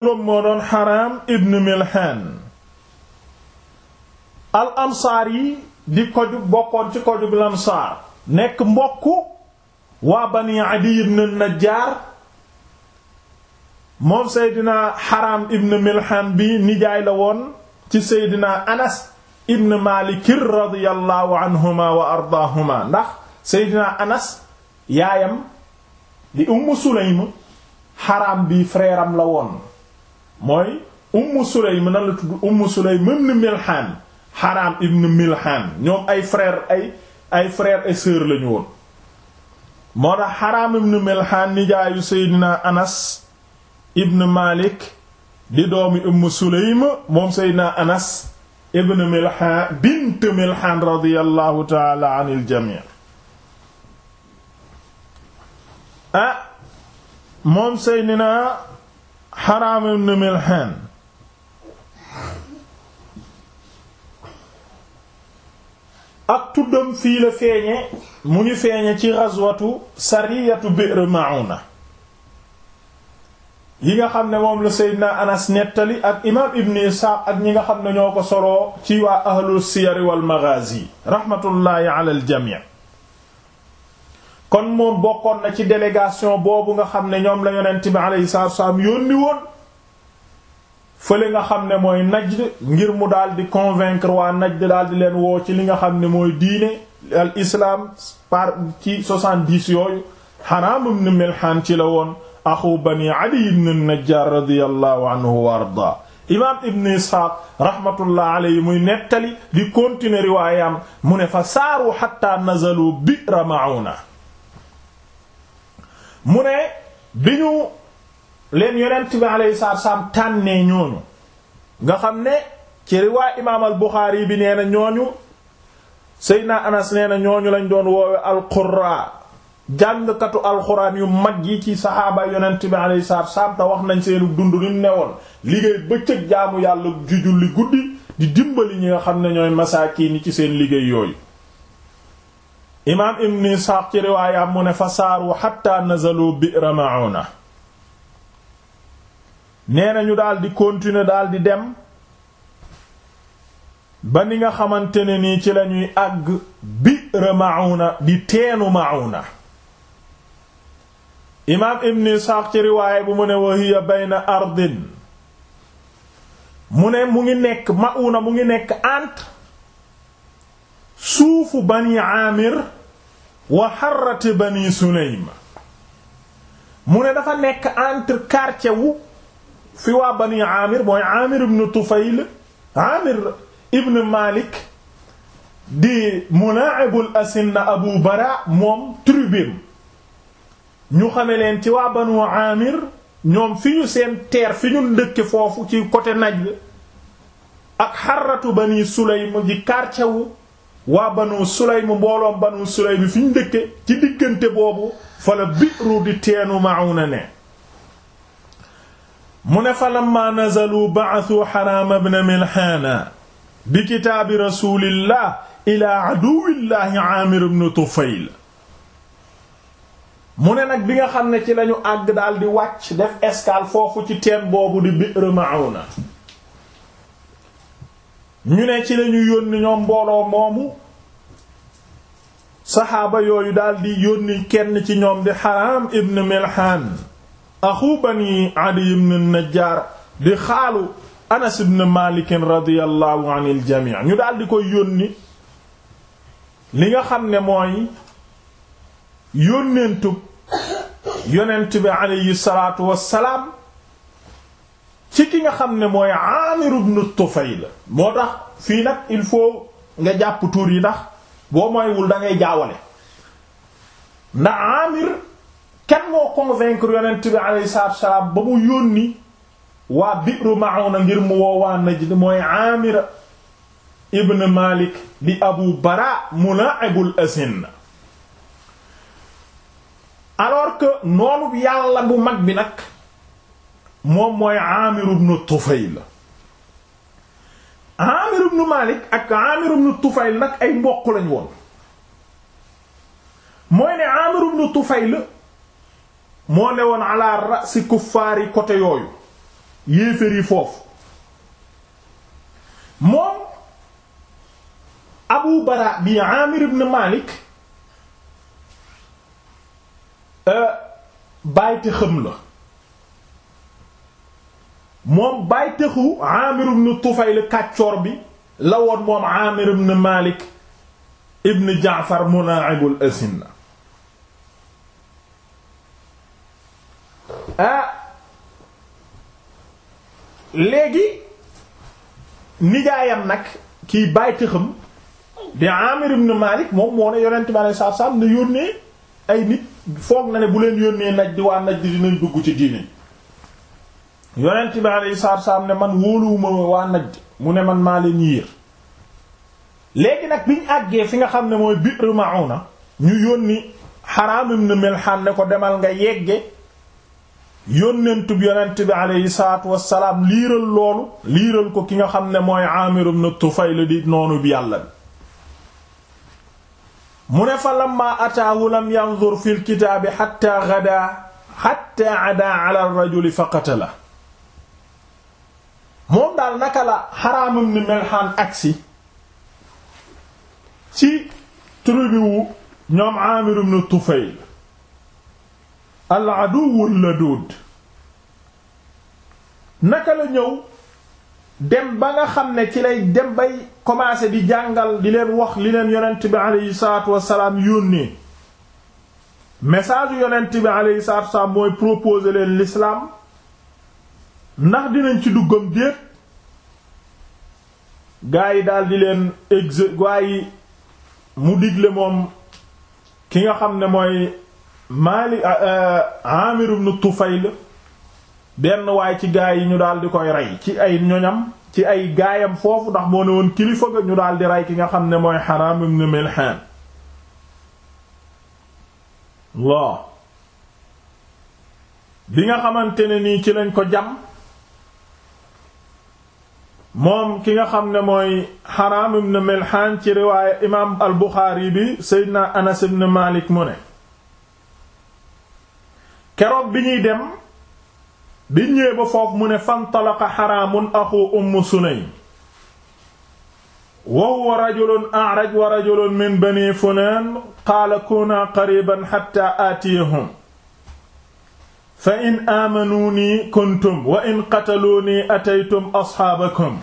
loolu moo doon xaraam ibn milhan al ansaar di kojub bokkoon ci kojub lansaar nekk mbokk waa bani adi ibn najjaar moom seydina xaraam ibn milhan bi nijaay la woon ci seydina anas ibn malikir radiyallahu anhuma wa ardaahuma ndax seydina anas yaayam di umm sulaym xaraam bi frère la woon mooy ummu sulaym nan la tudd ummu sulaym ibn milhan ibn milhan ñoom ay frère ay ay frère et sœur lañu woon moo tax haram ibn milhan nijaayu seydina anas ibn malik di doomi ummu sulaym moom seydina anas ibn milhan bint milhan radiyallahu taala anil jami' ah moom seydina Haraam ibn ak tuddam fii la feeñe mu ngi feeñe ci ghazwatu sariyatu Bi'r Ma'una yi nga xam ne moom la na Anas nettali ak imaam Ibn Isxaaq ak ñi nga xam ne ñoo ko solo ci waa ahlul siyar wal maghazi rahmatullahi ala al kon moom bokkoon na ci délégation boobu nga xam ne ñoom la yonent bi alayhi salaatu wassalaam yónni woon fële nga xam ne mooy Najd ngir mu daal di convaincre waa Najd daal di leen woo ci li nga xam ne mooy diine al islaam par ci soixante-dix yooyu Haraam ci la woon axu bani Adiy ibn Najjaar radiyallahu anhu wa ardaa imaam ibn Isxaaq rahmatullah alayhi muy nettali di continuer riwaayam mu ne fa saaru hatta nazalu bi'ra Ma'uuna mu ne bi ñu leen yonent bi alayhi salaam tànnee ñooñu nga xam ne ci riwaay imaam al Buxaari bi nee na ñooñu Seydina Anas nee na ñooñu lañu doon woowe alqurra jàngkatu alxuraan yu mag yi ci saxaaba yonent bi alayhi salaam te wax nañ seenu dund ni mu ne woon liggéey bëccëg jaamu yàlla ju julli guddi di dimbali ñi nga xam ne ñooy kii yi ci seen liggéey yooyu imaam ibn Isxaaq ci riwaayaam mu ne fa saaru xatta nazalu bi'ra Ma'una nee na ñu daal di continuer dem ba ni nga xamante ne nii ci lañuy àgg bi'ra Ma'una di teenu Ma'una imaam ibn Isxaaq ci riwaaya bu mu ne wa hiya bayna mu ne mu ngi nekk Ma'una mu ngi nekk entre suufu bani aamir wa xarrati bani suleym mu ne dafa nekk entre quartier wu fi waa bani aamir mooy aamir ibn tufayl aamir ibn malik di munaa'ibul asinna abu bara moom tribim ñu xame leen ci waa banu aamir ñoom fi ñu seen teer fi ñu ndëkke foofu ci côté Najd ak xarratu bani suleym di quartier wu waa banu sulaym mbooloom banu sulaym fi ñu ci diggante boobu fa la biiru di teenu mauna ne mu ne fa lamma nazalu ba'athu xaraam ibn milhaana bi kitaabi rasulillah ila aduwillahi aamir ibn tufayl mu ne nag bi nga xam ne ci lañu àgg daal di wàcc def escale foofu ci teen boobu di biir mauna ñu ne ci lañu yónni ñoom mbooloo moomu saxaaba yooyu daldi yónni kenn ci ñoom di Haraam ibn Milhaan axu bani Adiy ibn Najjaar di xaalu Anas ibn Maalik radiyallahu anil jamii ñu daldi koy yónni li nga xam ne mooy yónnentub yonent bi aleyhi salaatu wassalaam ci ki nga xam ne mooy Amir ibn Tufayl moo tax fii nag il faut nga jàpp tuur yi ndax boo mooywul da ngay jaawale ndax Amir kenn moo convaincre yonent bi alayhi salaatu ba mu yónni waa Bi'ru Ma'una ngir mu woo Najd mooy Amir ibn Malik di Abu Bara mulaa'ibul asin alors que noonu yàlla bu mag bi nag moom mooy Amir ibn Tufayl Amir ibn Malik ak Amir ibn Tufayl nag ay mbokk lañ woon mooy ne Amir ibn Tufayl moo ne woon ala rasi kuffaari côté yooyu yéeféer yi foofu moom Abu Bara bi Amir ibn Malik euh, bàyti xam la moom bàyyi tëxu Amir ibn Tufayl kàccoor bi lawoon moom Amir ibn Malik ibn Jaafar mulaa'ibul asinna ah léegi nijaayam nag kiy bàyyi tëxam di Amir ibn Malik moom moo ne yonent bi alayhi salaatu salaam ne yónnee ay nit foog na ne bu leen yónnee naj di waa naj di dinañ dugg ci diine yonent bi alayhi salaam ne man wóoluwuma waa Najd mu ne man maa leen yiir léegi nag biñ àggee fi nga xam ne mooy Bi'r Ma'una ñu yónni Haraam ibn Milhan ne ko demal nga yegge yónnentu bi yonent bi alayhi salaatu wassalaam liiral loolu liiral ko ki nga xam ne mooy Aamir ibn Tufayl di noonu bi yàlla bi mu ne fa lamma ataahu lam yanzur fil kitaabi hatta ghadaa hatta adaa ala rajuli fa qatala moom daal naka la xaraamam ni melxaan agsi ci tribu ñoom Aamir ibn Tufayl al aduwu ladud naka la ñëw dem ba nga xam ne ci lay dem bay commencé di jàngal di leen wax li leen yonent bi aleyhi salaatu wassalaam yónnee message yonent bi aleyhi salaatu wassalaam mooy proposer leen lislaam ndax dinañ ci duggam déet gaa yi daldi leen exe gaa mu digle moom ki nga xam ne mooy Maali Amir ibn Tufayl benn waay ci gaa yi ñu daldi koy rey ci ay ñoñam ci ay gaayam foofu ndax moo ne woon kilifa ga ñu daldi rey ki nga xam ne mooy Haram ibn Milhan waaw bi nga xamante ne nii ci lañ ko jam moom ki nga xam ne mooy Haraam ibn Milhaan ci riwaaya imaam al Buxaari bi Seydina Anas ibn Malik mu ne keroog bi ñuy dem bi ñëwee ba foofu mu ne fantalaqa Haraamun axu Umm Sulaym wa huwa rajulun wa rajulun min bani Funaan qaala kuunaa qariiban hattaa aatiyahum fa in aamanuunii kuntum wa in qataluunii ataytum asxaabakum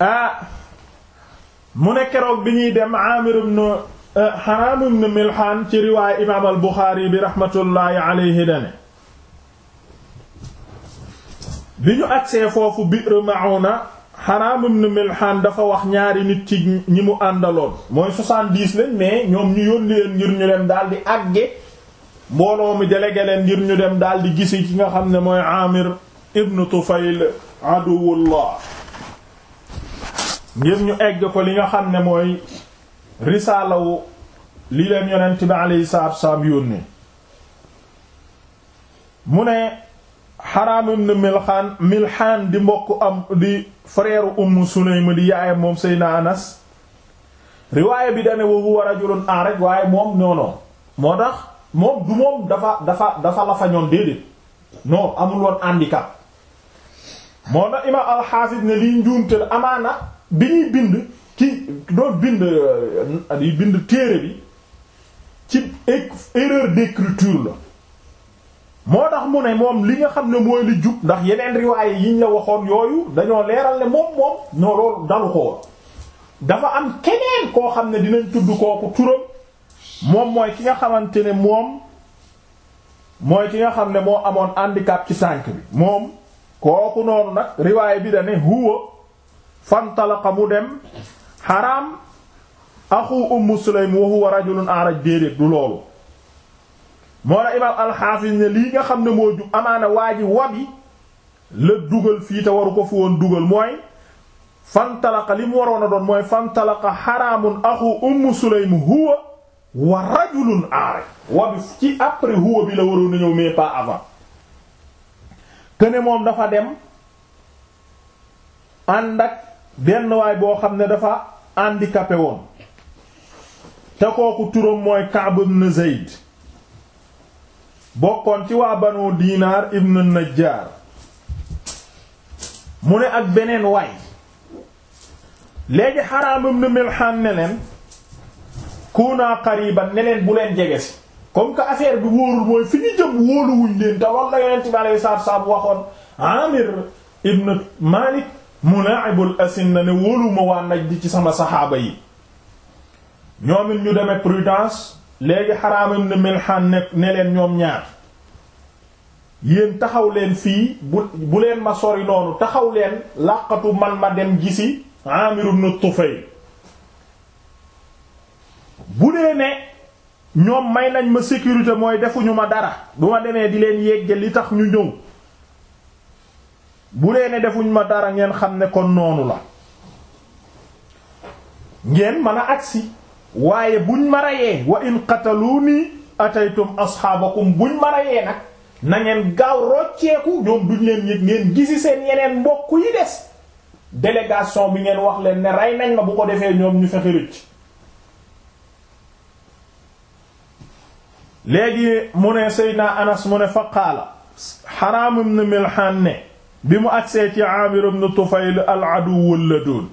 ah mu ne keroog bi ñuy dem Aamir ibn eh, Haraam ibn Milhaan ci riwaay imaam al Buxaari bi raxmatullaahi alayhi dane bi ñu agsee foofu Bi'r Ma'uuna Haraam ibn Milhan dafa wax ñaari nit ci ñi mu àndaloon mooy soixante-dix lañ mais ñoom ñu yónni leen ngir ñu dem daal di àgge mbooloo mi délégué leen ngir ñu dem daal di gisi ki nga xam ne mooy Amir ibn Tufayl aduwullah ngir ñu egg ko li nga xam ne mooy risaalawu li leen yonent bi alayhi salaatu wa salaam yónni Haraam ibn Milxaan Milxaan di mbokk am di frère Umm Sulaym di yaayam moom Seydina Anas riwaaya bi dane wa huwa rajulun a'raj waaye moom non non moo tax moom du moom dafa dafa dafa la fa ñoon déedéet amul woon handicap moo tax imaam alxaafis ne liy njuumteel amaana bi ñuy bind ci doon bind euh, téere bi ci erreur d'écriture la moo tax mu ne moom li nga xam ne mooy li jub ndax yeneen riwaaye yiñ la waxoon yooyu dañoo leeral ne moom moom ñoo loolu dalu ko dafa am keneen koo xam ne dinañ tudd kooku turam moom mooy ki nga xamante ne moom mooy ki nga xam ne moo amoon handicap ci tànk bi moom kooku noonu nag riwaay bi da ne huwa fantalaqa mu dem xaraam axu ummu sulaym wa huwa rajulun araj déedéet du loolu moo la imaam nga xam ne moo ju amaana waa ji wabi dugal fii te waru ko fi woon dugal mooy fantalaqa li waroon doon mooy fantalaqa xaraamun axu umm sulaym huwa wa rajulun ci après huwa bi la waroon a ñëw mais pas avant kene moom dafa dem ànd benn waay boo xam ne dafa handicapé woon te kooku turam mooy Ka'b ibn Zayd bokkoon ci waa banu diinaar ibnu najjaar mu ne ak beneen waay léegi Haraam ibnu Milhaan ne leen kuunaa qariban ne leen bu leen jege ci comme que affaire bi wóorul mooy fi ñu jëm wóoluwuñ leen te loolu yonent bi alayhi salaatu salaam waxoon Aamir ibnu Maalik mulaa'ibul asinna ne wóoluwuma waa Najd ci sama saxaaba yi ñoom ñu demee prudence léegi Haraam ibn Milhan ne ne leen ñoom ñaar yéen taxaw leen fii bu bu leen ma sori noonu taxaw leen làqatu man ma dem gisi Aamir ibn Tufayl bu dee ne ñoom may nañ ma sécurité mooy defuñu ma dara du ma demee di leen yegge li tax ñu ñëw bu dee ne defuñ ma dara ngeen xam ne kon noonu la ngeen mën a agsi waaye buñ ma rayee wa in qataluni ataytum asxaabakum buñ ma rayee nag na ngeen gaaw rocceeku ñoom duñ leen yëg ngeen gisi seen yeneen mbokk yi des délégation bi ngeen wax leen ne rey nañ ma bu ko defee ñoom ñu fexe rëcc léegi mu ne Seydina Anas mu ne fa qaala Haraam ibn Milhaan ne bi mu agsee ci Aamir ibn Tufayl al-aduwwu laduun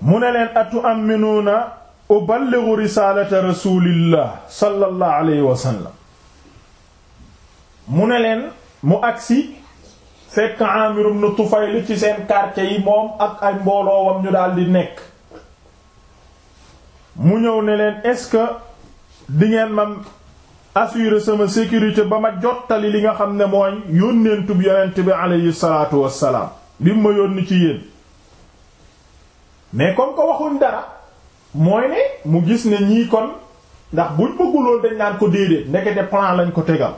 mu ne leen atu amminuuna uballighu risaalata rasulillah sallallahu alayhi wa sallam mu ne leen mu agsi fekk Aamir ibn Tufayl ci seen quartier yi moom ak ay mbooloowam ñu daal di nekk mu ñëw ne leen est-ce que di ngeen ma assurer sama sécurité ba ma jottali li nga xam ne mooy yónnentub yonent bi alayhi salaatu wassalaam bi mu ma yónni ci yéen mais comme ko waxuñ dara mooy ne mu gis ne ñii kon ndax buñ bëggul dañ naan ko déedéet ndekete plan lañ ko tegal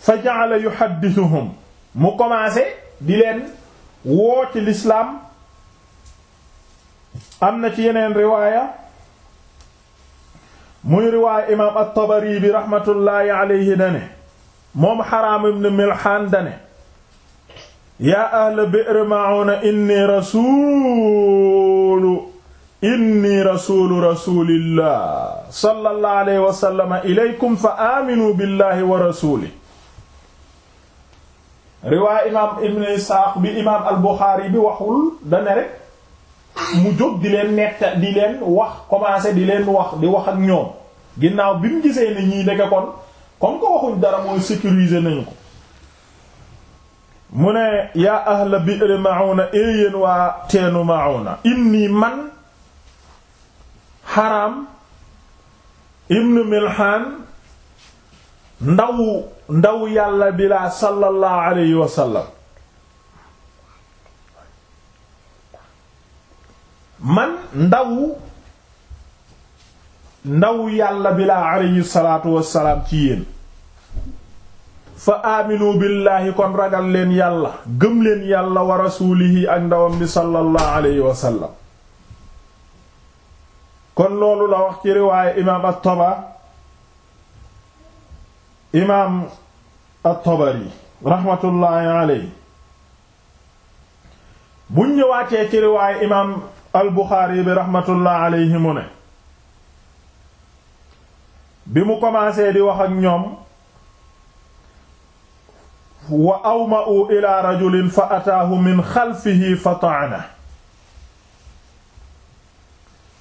fa ja'ala yuhaddithuhum mu commencé di leen woo ci lislaam am na ci yeneen riwaaya muy riwaaya imaam at-Tabari bi rahmatullahi alayhi dane moom Haraam ibn Milhan dane yaa ahla bi'r ma'una inni rasuulu inni rasuulu rasuulillah sallallahu alayhi wa sallam ilaykum fa aaminu billahi wa rasuulihi riwaay imaam ibn Isaaq bi imaam al-Buxaari bi waxul dane mu jóg di leen nett di leen wax commencé di leen wax di wax ak ñoom ginnaaw bi mu gisee ne ñii dëgg kon comme ko waxuñ dara mooy sécuriser nañu ko mu ne yaa ahla bi'r mauna éeyéen waa teenu mauna inni man xaram ibn milhaan ndaw ndaw yàlla bi laa sallallahu alayhi wa man ndaw ndaw yàlla bi laa alayhi salaatu wassalaam ci yéen fa aaminu billaahi kon ragal leen yàlla gëm leen yàlla wa rasuulihi ak ndawam bi sallallahu alayhi wa kon loolu la wax ci riwaaye imaam at-Taba imaam at-Tabari raxmatullaahi alayhi buñ ñëwaatee ci riwaaye imaam al bi raxmatullaahi alayhi ne bi mu commencé di wax ak ñoom wa awma'u ila rajulin fa ataahu min xalfihi fa ta'ana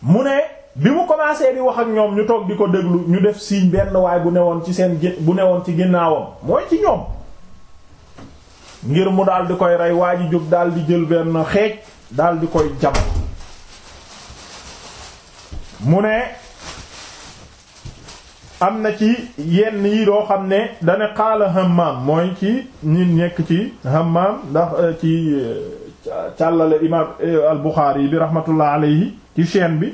mu ne bi mu commencé di wax ak ñoom ñu toog di ko déglu ñu def signe benn waay bu newoon ci seen bu newoon ci ginnaawam mooy ci ñoom ngir mu daal di koy rey waa ji jóg daal di jël benn xeej daal koy jam mu ne am na ci yenn yi doo xam ne dana xaala hammam mooy ci ni nekk ci hammam ndax euh, ci euh, càllale imam euh, al-Bukhari bi rahmatullah alayhi ci seen bi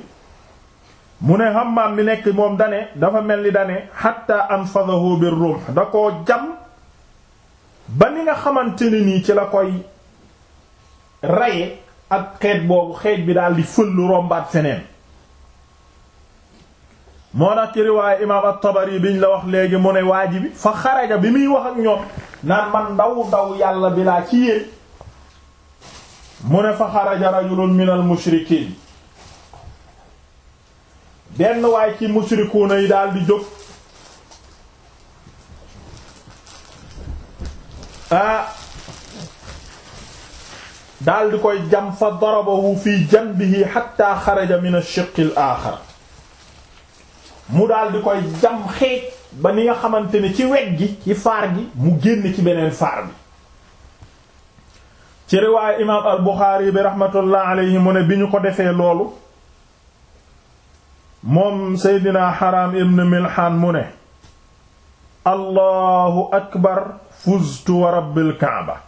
mu ne hammam bi nekk moom dane dafa mel ni dane hatta anfadahu bir rumh da ko jam ba ni nga xamante ne nii ci la koy raye ak xeet boobu xeet bi daal di fëllu rombaat feneen moo tax ci imaam at-Tabari biñ la wax léegi mu ne waaji bi fa xaraja bi muy wax ak ñoom naan man ndaw ndaw yàlla bilaa laa ci yéen mu ne fa xaraja rajulun min al mushrikiin benn waay ci mushrikuuna yi daal di jóg daaldi koy jam fa darabahu fi janbihi hatta xaraja min ash-shiqqi al-aaxar mu daal di koy jam xeej ba ni nga xamante ni ci weg gi ci faar gi mu génn ci beneen faar bi ci riwaayu imaam al Buxaari bi rahmatullah mu ne bi ñu ko defee loolu moom Seydina Haram ibn Milhan mu ne allahu akbar fuztu wa rabbil kaaba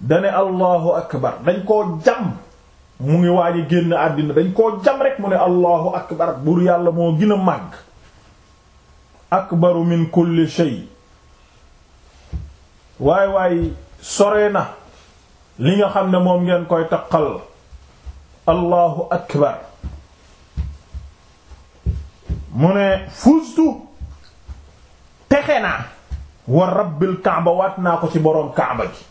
dane allahu akbar dañ koo jam mu ngi waaj génn àddina dañ koo jam rek mu ne allahu akbar buur yàlla moo gën a màgg akbaru min kulli shay waay waay sore na li nga xam ne moom ngeen koy taqal allahu akbar mu ne fustu texe naa wa rabbil kaaba waat naa ko ci boroom kaaba gi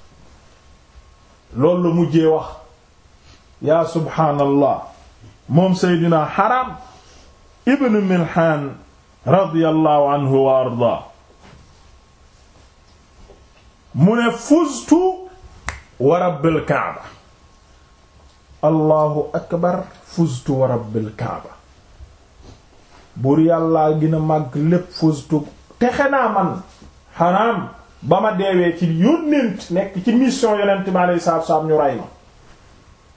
loolu la mujjee wax yaa subhaanallah moom seydina haram ibn milhaan radiyallahu anhu wa ardaa mu ne fuztu wa rabbil allahu akbar fuztu wa rabbil kaaba buur yàllaa gën a màgg lépp fuztu texe naa man haram ba ma deewee ci yónnent nekk ci mission yonent mi alayhi salaatu salaam ñu rey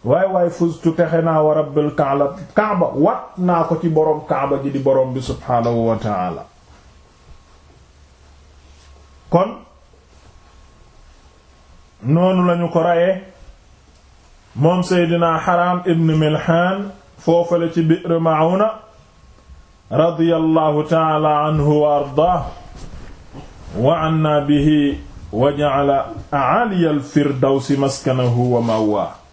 waay waay fustu texe naa wa rabbil kaala kaaba wat naa ko ci boroom kaaba ji di boroom bi subhaanahu wa taala kon noonu lañu ko rayee moom seydinaa xaraam ibn milhaan foofale ci bi'r ma'una radiyallahu taala anhu wa ardaah wa anna bihi wa ja'ala a'ali al maskanahu wa mawwaa